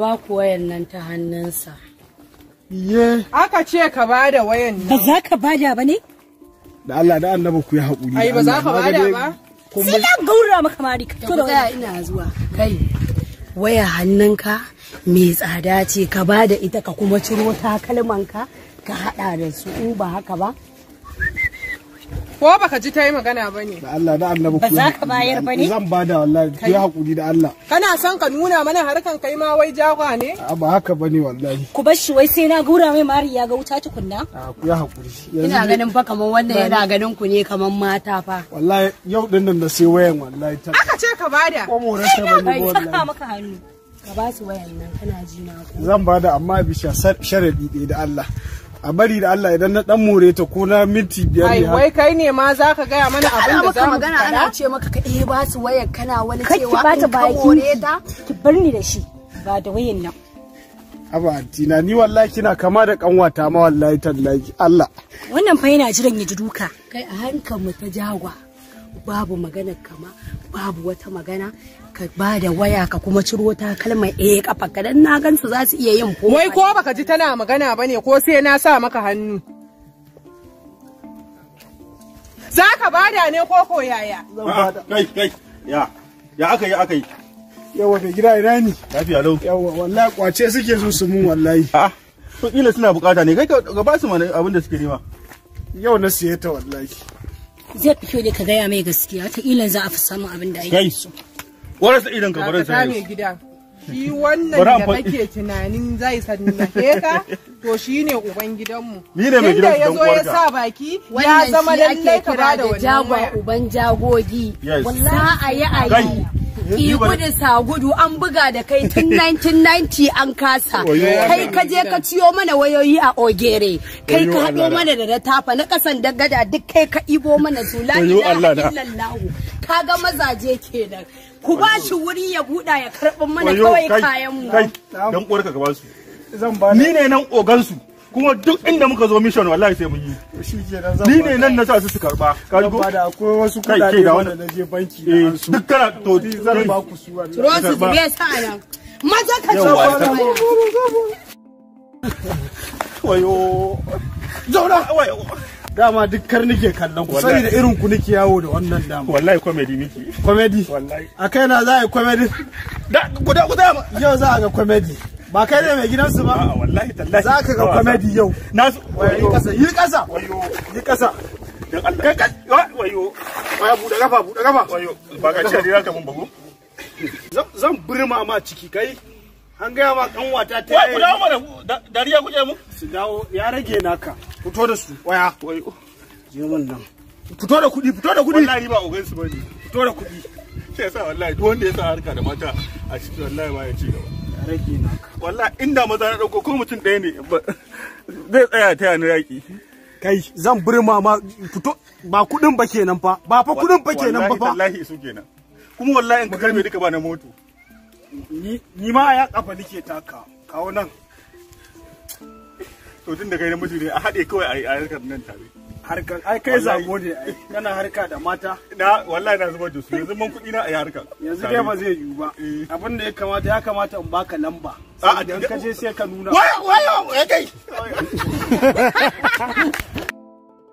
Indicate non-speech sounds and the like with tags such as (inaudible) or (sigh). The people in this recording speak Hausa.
ba ku wayan nan ta hannunsa. Ye. Aka ce ka ba da wayan nan. Ba za ka ba da ba ne? Da Allah da annaba ku yi haƙuri. Ai ba za ka ba da ba? Sai ka gaura maka mari ka da waya ina zuwa. Kai waya hannunka mai tsada ce ka ba da ita ka kuma ciro takalmanka ka haɗa da su ba haka ba ko baka ji ta yi magana ba ne da Allah da annabi ba za ka bayar ba ne zan bada wallahi ki hakuri da Allah kana son ka nuna mana harkan kai ma wai jagwa ne a ba haka ba ne wallahi ku bar shi wai sai na gura mai mari ya ga wuta tukunna a ku ya hakuri ina ganin fa kaman wanda yana ganin ku ne kaman mata fa wallahi yau din nan da sai wayan wallahi aka ce ka bada ko mu rasa bane wallahi saka maka hannu ka ba su wayan nan kana ji na zan bada amma bisa sharadi da Allah a bari da Allah idan na dan more ta ko na minti biyar ne wai kai ne ma za zaka gaya mana abin da za mu magana ana ce maka ka eh ba su wayar kana wani cewa ka more ta ki bar ni da shi ba da wayan nan aba tina ni wallahi kina kama da kanwata ma wallahi tallahi Allah wannan fa yana jiran ya ji duka kai a hankan mu ta jagwa babu magana kama babu wata magana ka ba da waya ka kuma ciro ta kalmar eh kafa kadan na gansu za su iya yin wai ko baka ji tana magana bane ko sai na sa maka hannu za ka da ne ko ko yaya kai kai ya ya aka yi aka yi yawa bai gida ina ne lafiya lau yawa wallahi kwace suke so su mun wallahi a'a ah, to kila suna bukata ne kai ka ba su mana abin da suke nema yau na siye ta wallahi zai fi kyau ne ka gaya mai gaskiya ta ilan za a fi samun abin da ake so wara sa ilan ka bara sa gida shi wannan da kake tunanin zai sani na heka to shi ne uban gidanmu ni ne mai gidan ya zo ya sa baki ya zama lallai ka ba da wannan jagon uban jagogi wallahi a yi a yi Yi eh, gudu sa gudu an buga da kai tun 1990 (laughs) an kasa. Kai ka je ka ciyo mana wayoyi a Ogere. Kai ka haɗo mana da tafa na ƙasan dagada duk kai ka ibo mana su la ilaha illallahu. Ka ga mazaje kenan. Ku ba shi wuri ya buɗa ya karɓi mana kawai kayan mu. Kai dan uwarka ka ba su. Ni ne nan ogansu. kuma duk inda muka zo mission wallahi sai mun yi ni ne nan na sa su su karba ka ji ko da akwai wasu kudade wanda na je banki da eh, su duk kana to zan ba ku su wannan su biya sa nan maza ka ci wayo zauna wayo dama duk kar nake kallon ku sai da irin ku nake yawo da wannan dama wallahi comedy miki comedy wallahi akai na za a yi comedy da guda guda yau za a ga comedy ba kai ne mai gidansu ba a'a wallahi tallahi za ka ga comedy yau na su wayo kasa yi kasa wayo yi kasa dan Allah kai kai wayo waya buɗe kafa buɗe kafa wayo ba ka ce dai ka mun bago zan birma ma ciki kai an gaya ma kanwata ta yi wai mana dariya kuje mu su dawo ya rage naka fito da su waya wayo je wannan fito da kuɗi fito da kuɗi wallahi ba ogan su bane fito da kuɗi sai yasa wallahi duk wanda ya sa harka da mata a cikin wallahi ba ya ci gaba rage na walla inda maza na dauko ko mutum ɗaya ne zai tsaya ta yana yaki kai zan burma ma fito ba kudin ba kenan fa ba fa kudin ba kenan ba fa wallahi su kenan kuma wallahi in ka karbe duka ba na moto ni ma ya kafa nake taka kawo nan to tun da kai na mutum ne a haɗe kawai a harkar nan tare harkar ai kai zabo ne ai kana harka da mata na wallahi na zubar da yanzu mun kuɗi na a harkar yanzu dai ba zai yiwu ba eh. abin da ya kamata ya kamata in baka lamba a'a dan ka je sai ka nuna wayo wayo kai (laughs)